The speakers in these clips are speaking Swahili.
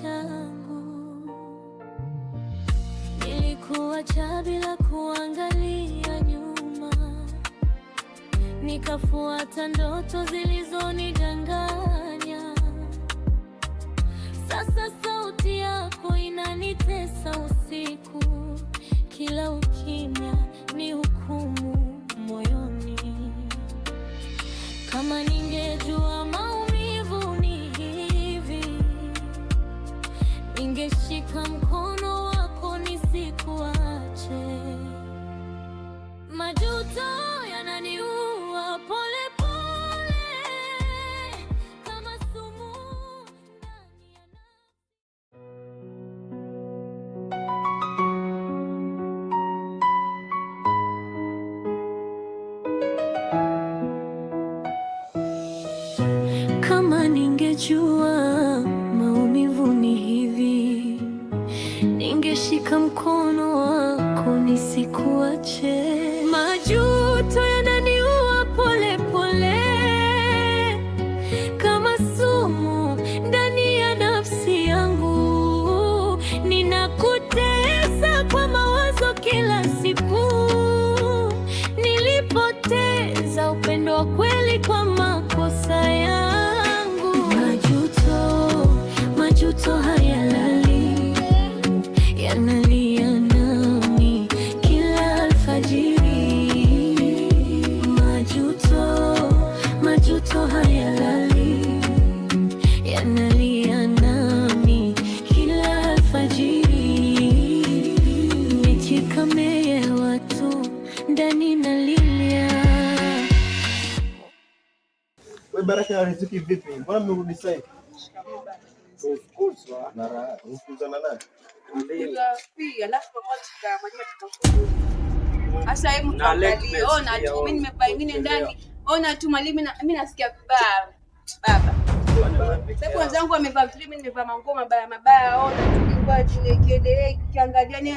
changu nilikuacha bila kuangalia nyuma, nikafuata ndoto zilizonidanganya. Sasa sauti yako inanitesa usiku, kila ukimya ni hukumu moyoni. Kama ningejua ningeshika mkono wako nisikuache majuto Shika mkono wako nisikuache. Majuto yananiua pole pole, kama sumu ndani ya nafsi yangu. Ninakutesa kwa mawazo kila siku. Nilipoteza upendo wa kweli kwa makosa yangu. Majuto, majuto haya muziki vipi? Mbona mmerudi sasa hivi? Sasa hebu tuangalie, ona tu mimi nimevaa ndani, ona tu mwalimu, mimi nasikia vibaya baba, sababu wenzangu wamevaa vizuri, mimi nimevaa manguo mabaya mabaya, ona kiangalia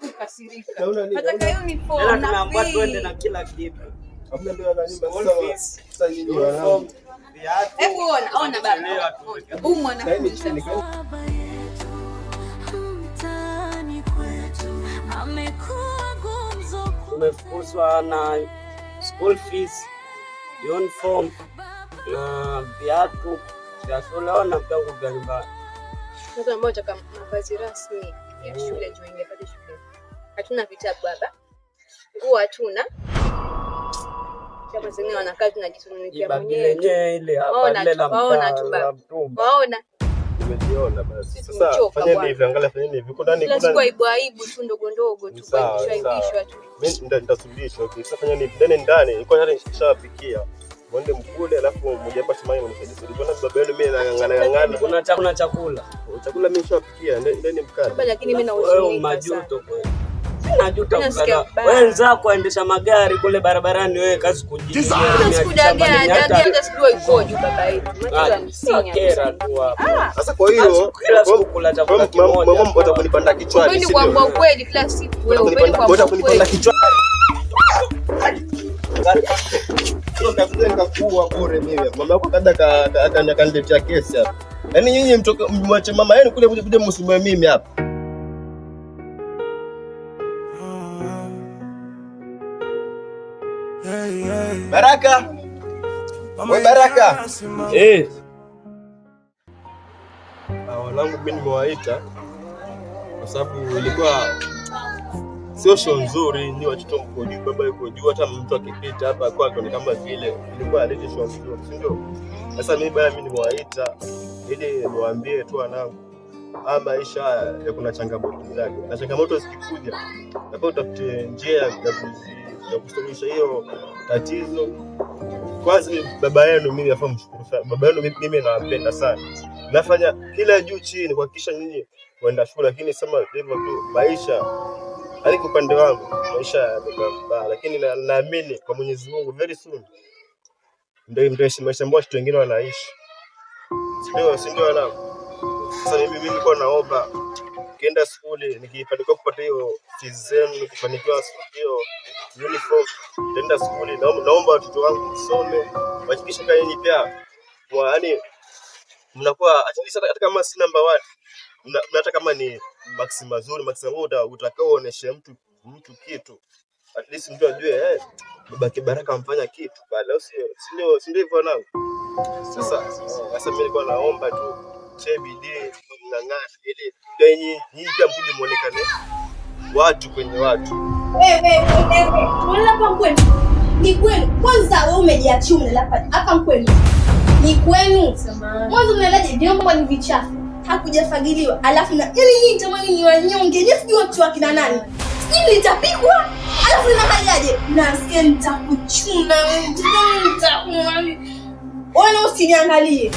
kukasirika, yaani na kila kitu Hebu ona ona baba, huyu mwanafunzi umefukuzwa na school fees, uniform na viatu vya shule na vyangu vya nyumbani. Mtoto mmoja mavazi rasmi ya shule, hatuna vitabu baba, nguo hatuna wengine wanakaa tunajitunukia aibu tu ndogo ndogo tu Ndani ndani Mwende mkule alafu mmoja hapa mnisaidie. Uliona baba yenu mimi nang'ang'ana ng'ang'ana. Kuna chakula chakula. Chakula mimi nishapikia. Ndeni mkate. Lakini mimi na usinika. Majuto kweli. Najuta wenzako waendesha magari kule barabarani, wewe kazi kujiuza yaani yaani ah, ah. sasa. nyinyi mwache mama yenu kule hapa. Baraka, we Baraka, eh, ah, wanangu, mimi nimewaita kwa sababu ilikuwa sio show nzuri, ni watoto mko juu, baba yuko juu, hata mtu akipita hapa kwa kwa kama vile ilikuwa alete show nzuri, si ndio? Sasa mimi baya, mimi nimewaita ili niwaambie tu wanangu ama maisha kuna changamoto zake, na changamoto zikikuja, utafute njia ya kuzi ya kusuluhisha hiyo tatizo. Kwanza baba yenu, mimi nafaa mshukuru sana baba yenu, mimi nawapenda sana, nafanya kila juu chini kuhakikisha nyinyi waenda shule, lakini sema hivyo tu maisha aliki upande wangu maisha yamekaa, lakini naamini kwa Mwenyezi Mungu very soon ndio ndio maisha ambayo watu wengine wanaishi, sio sio? Wanangu, sasa mimi niko naomba nikienda skuli, nikifanikiwa kupata hiyo fees zenu, nikifanikiwa hiyo uniform, nitaenda skuli. Naomba watoto wangu msome, wahakikishe kaeni pia kwa yani mnakuwa hata kama si number namba wani hata kama ni maksi mazuri, maksi ambayo utakaoonesha mtu mtu kitu, at least mtu ajue eh, baba Kibaraka amfanya kitu pale, si ndio? Hivyo nao sasa, sasa mimi nilikuwa naomba tu msee bidii ili lenye hii kampuni muonekane watu kwenye watu. ni kwenu kwanza. Wewe umejiachia unalapa hapa mkwenu, ni kwenu mwanzo. Mnalaje vyombo ni vichafu, hakujafagiliwa, alafu na ili nyinyi jamani ni wanyonge, nyinyi watu wa kina nani Sijui nitapigwa alafu ninafanyaje? Nasikia nitakuchuna, nitakumaliza. Wewe usiniangalie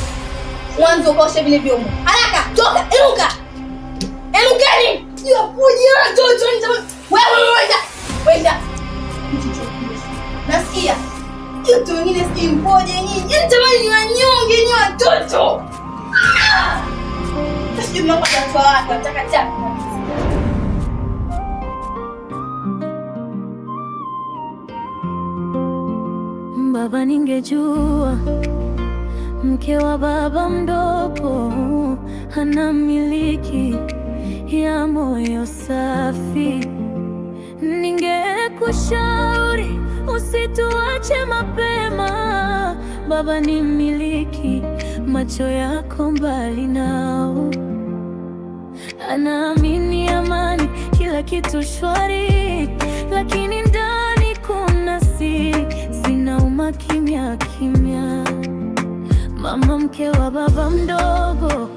mwanzo ukaoshe vile vyombo. Haraka, toka, inuka. Inukeni. Ya kuja jojo nje. Wewe wenda. Wenda. Nasikia. Kitu wengine si mpoje nyinyi. Yaani jamani ni wanyonge nyinyi watoto. Sisi mambo ya toa nataka chapa. Baba, ningejua Mke wa baba mdogo hana miliki ya moyo safi. Ningekushauri usituache mapema, baba ni miliki, macho yako mbali nao. Anaamini amani, kila kitu shwari, lakini ndani kuna siri zinauma kimya kimya mama mke wa baba mdogo,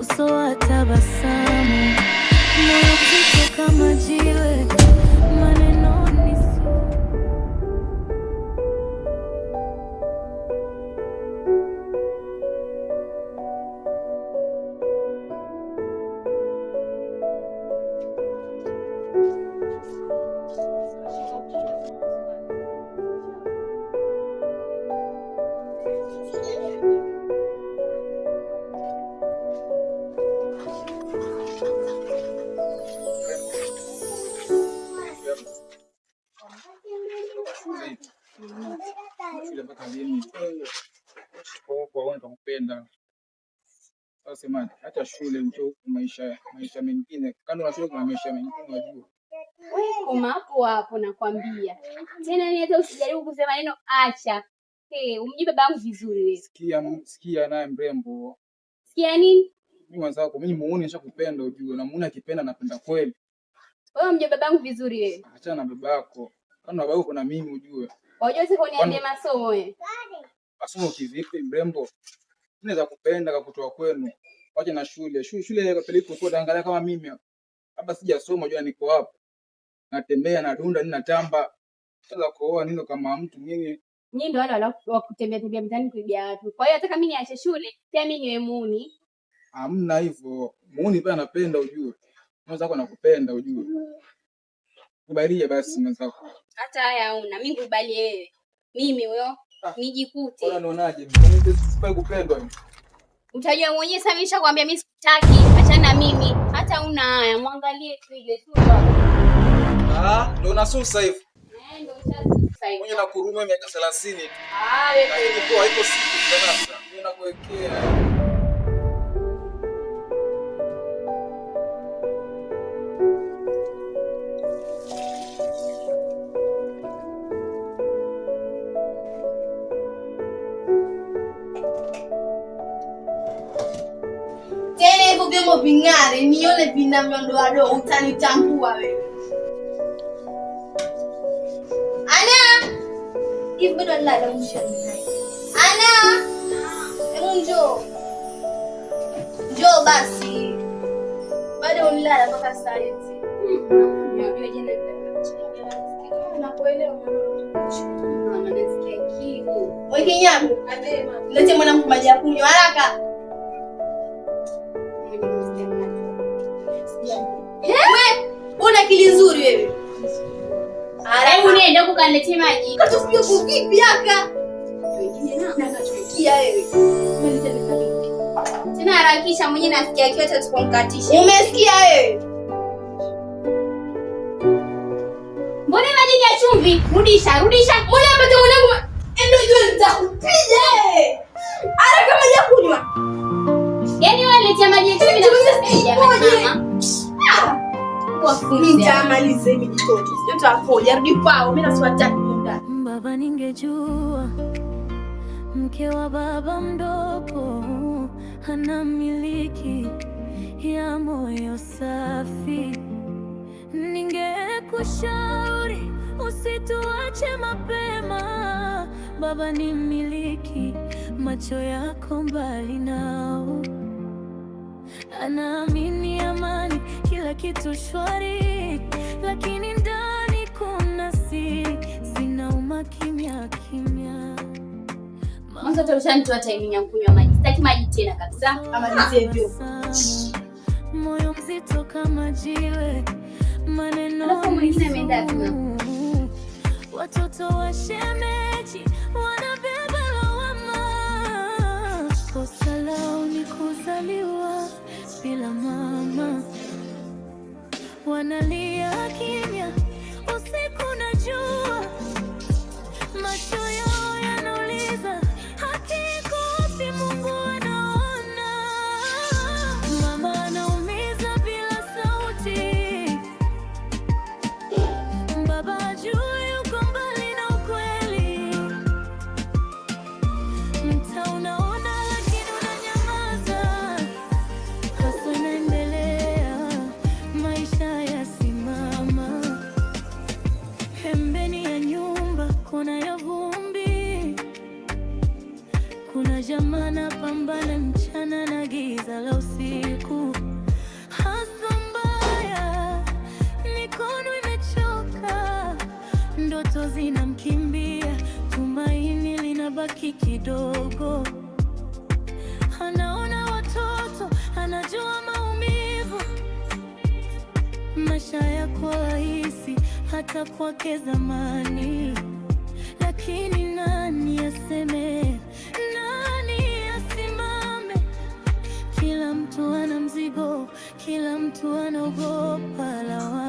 uso wa tabasamu, moyo kama jiwe sema hata shule ndio maisha, maisha mengine kando na shule kuna maisha mengine unajua. Koma hapo hapo, nakwambia tena, ni hata usijaribu kusema neno acha. Hey, eh, umjibe babangu vizuri wewe. Sikia, sikia naye mrembo. Sikia nini? Mimi mwenzako, mimi muone nishakupenda ujue, na muone akipenda napenda kweli. Wewe mjibe babangu vizuri wewe. Achana na babako. Kando na babako kuna mimi ujue. Wajua siko niambie masomo wewe. Masomo kivipi mrembo? zingine za kupenda kwa kutoa kwenu, wacha na shule shule shule kapeleka kwa angalia kama mimi hapa sijasoma, jua niko hapa natembea na dunda nina tamba sasa kuoa nini kama mtu mimi nyinyi ndio wale wa kutembea tembea mtaani kuibia watu. Kwa hiyo hata kama mimi niache shule, pia mimi niwe muuni. Hamna hivyo. Muuni pia anapenda ujue. Mwanzo wako anakupenda ujue. Kubalia basi mwanzo wako. Hata haya una mimi kubali yeye. Mimi huyo Ah. nijikute. Utajua mwenyewe sasa, nishakwambia mimi sikutaki, achana mimi. Hata una haya, mwangalie tu ile tu. Ah, ndo unasusa hivi. Eh, hivi. Mwenye na kuruma miaka 30 tu. Ah, wewe. Haiko siku Mimi nakuwekea. vyombo ving'are, nione vina madoadoa, utanitambua wewe. Ana hivi bado nalala Ana hebu njoo, njoo basi, bado nalala mpaka saa hizi. Weke nyamu, lete mwanamku maji ya kunywa haraka. baba aniletee maji. Katusikia uko vipi aka? Tena harakisha mwenyewe nasikia akiwa tatukumkatisha. Umesikia wewe? Mbona maji ya chumvi? Rudisha, rudisha. Mbona hapa mwanangu? Eh, ndio jua nitakupiga. Haraka maji ya kunywa. Yaani wewe letea maji ya chumvi na yaani kupiga mama. Baba, ningejua mke wa baba mdogo ana miliki ya moyo safi, ningekushauri usituache mapema. Baba ni miliki, macho yako mbali nao, ana kitu shwari, lakini ndani kuna siri zinauma kimya kimya. Mwanzo maji. maji tena Ama Moyo mzito kama jiwe. Maneno watoto wa shemeji wanabeba lawama. Kosa lao ni kuzali maisha yako rahisi hata kwake zamani, lakini nani aseme, nani asimame? Kila mtu ana mzigo, kila mtu anaogopa lawa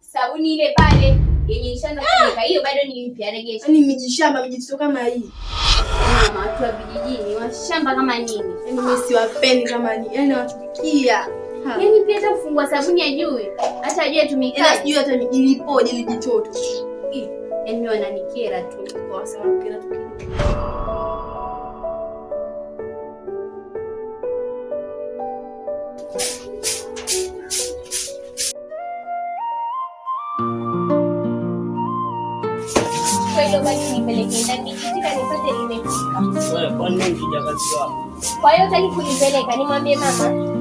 sabuni ile pale yenye ishaanza kuweka hiyo bado ni mpya, regesha. Yaani mijishamba mijitu kama hii. Mama watu wa vijijini washamba kama nini? Yaani mimi siwapendi kama nini. Yaani nawachukia. Yaani pia hata kufungua sabuni ajui. Hata ajui atumikaje. Yaani sijui hata nijilipoje lijitoto. Yaani wananikera tu. Kwa sababu kila tu Kwa hiyo kunipeleka nimwambie mama.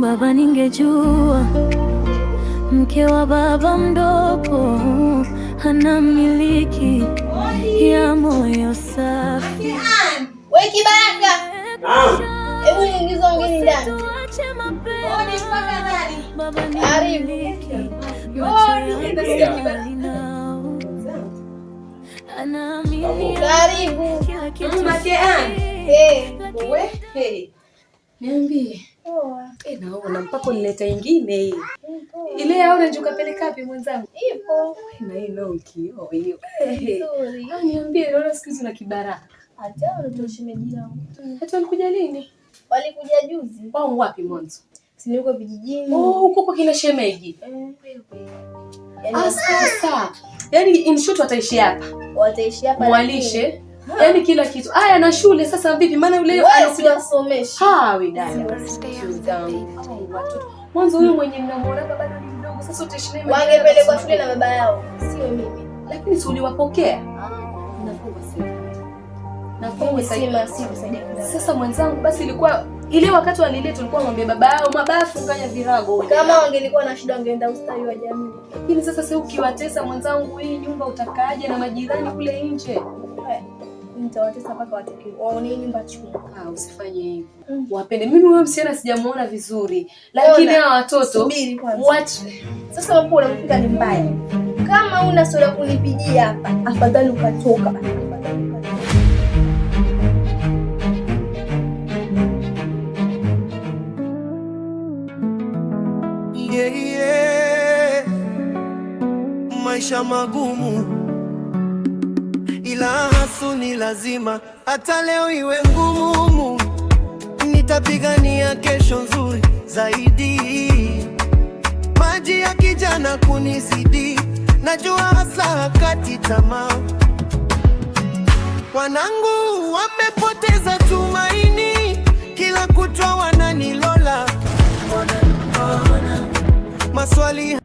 Baba, ningejua mke wa baba mdogo ana miliki ya moyo safi. Wewe kibaraka. Hebu niingize ngine ndani. Niamshe mapema. Eh, niambie. Eh, naona mpaka nileta ingine ile au unajukapeleka wapi mwenzangu? Ipo. Na hii ndio kio hiyo. Niambie, naona siku hizi una kibaraka. Hata alikuja lini? Walikuja juzi. Wao wapi mwanzo? Si niko vijijini. Oh, huko kwa kina shemeji. Eh, kweli kweli. Ah, yaani sasa. Yaani in short wataishi hapa. Wataishi hapa. Mwalishe. Yaani kila kitu. Aya na shule sasa vipi? Maana yule anakuja kusomesha. Ha, we dada. Mwanzo huyo mwenye mnamuona bado ni mdogo. Sasa utaishi naye. Wangepelekwa shule na baba yao, sio mimi. Lakini si uliwapokea? Ah. Sasa mwenzangu, basi ilikuwa ile wakati walilia tulikuwa ng'ombe baba yao mabafu fanya virago. Kama wangelikuwa na shida wangeenda ustawi wa jamii. Lakini sasa si ukiwatesa mwenzangu, hii nyumba utakaaje na majirani kule nje? Eh, nitawatesa mpaka watoke. Waone nyumba chungu. Ah, usifanye hivyo. Mm. Wapende. Mimi huyo msichana sijamuona vizuri. Lakini hawa watoto subiri kwanza. What? Sasa wapo unamfika ni mbaya. Kama una sura kunipigia hapa, afadhali ukatoka. maisha magumu, ila hasu ni lazima, hata leo iwe ngumu. Nitapigania kesho nzuri zaidi, maji ya kijana kunizidi, najua hasa hakati tamaa. Wanangu wamepoteza tumaini, kila kutwa wananilola maswali